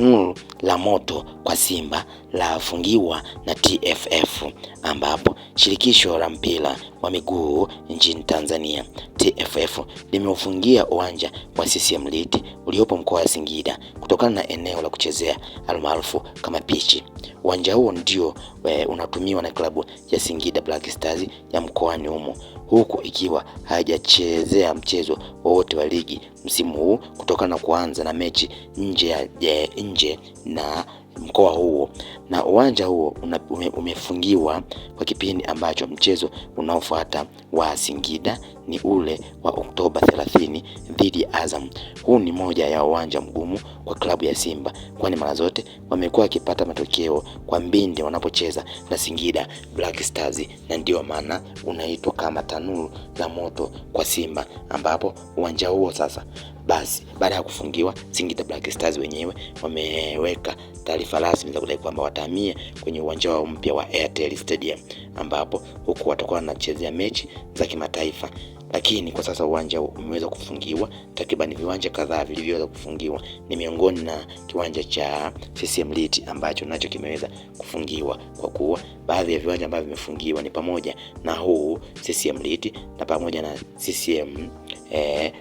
嗯。la moto kwa Simba lafungiwa na TFF, ambapo shirikisho la mpira wa miguu nchini Tanzania TFF limeufungia uwanja wa CCM Liti uliopo mkoa wa Singida kutokana na eneo la kuchezea almaarufu kama pichi. Uwanja huo ndio eh, unatumiwa na klabu ya Singida Black Stars ya mkoani humo huku ikiwa haijachezea mchezo wowote wa ligi msimu huu kutokana na kuanza na mechi nje ya eh, nje nah. mkoa huo na uwanja huo una, ume, umefungiwa kwa kipindi ambacho mchezo unaofuata wa Singida ni ule wa Oktoba 30 dhidi ya Azam. Huu ni moja ya uwanja mgumu kwa klabu ya Simba, kwani mara zote wamekuwa wakipata matokeo kwa mbinde wanapocheza na Singida Black Stars, na ndiyo maana unaitwa kama tanuru la moto kwa Simba, ambapo uwanja huo sasa basi baada ya kufungiwa Singida Black Stars wenyewe wameweka taarifa Taifa rasmi za kudai kwamba watahamia kwenye uwanja wao mpya wa Airtel Stadium ambapo huku watakuwa wanachezea mechi za kimataifa, lakini kwa sasa uwanja umeweza kufungiwa. Takriban viwanja kadhaa vilivyoweza kufungiwa ni miongoni na kiwanja cha CCM Lit ambacho nacho kimeweza kufungiwa, kwa kuwa baadhi ya viwanja ambavyo vimefungiwa ni pamoja na huu CCM Lit na pamoja na CCM eh,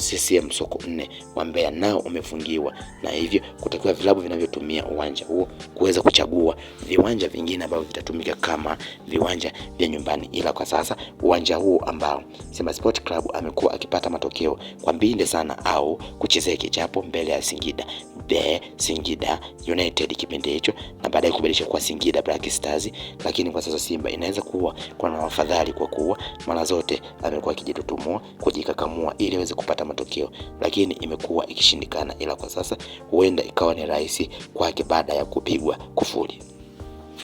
CCM soko nne wa Mbeya nao umefungiwa na hivyo kutakiwa vilabu vinavyotumia uwanja huo kuweza kuchagua viwanja vingine ambavyo vitatumika kama viwanja vya nyumbani, ila kwa sasa uwanja huo ambao Simba Sport Club amekuwa akipata matokeo kwa mbinde sana au kuchezea kichapo mbele ya Singida the Singida United kipindi hicho, na baadaye kubadilisha kuwa Singida Black Stars, lakini kwa sasa Simba inaweza kuwa kuna na wafadhali, kwa kuwa mara zote amekuwa akijitutumua kujikakamua ili aweze kupata matokeo, lakini imekuwa ikishindikana, ila kwa sasa huenda ikawa ni rahisi kwake baada ya kupigwa kufuli.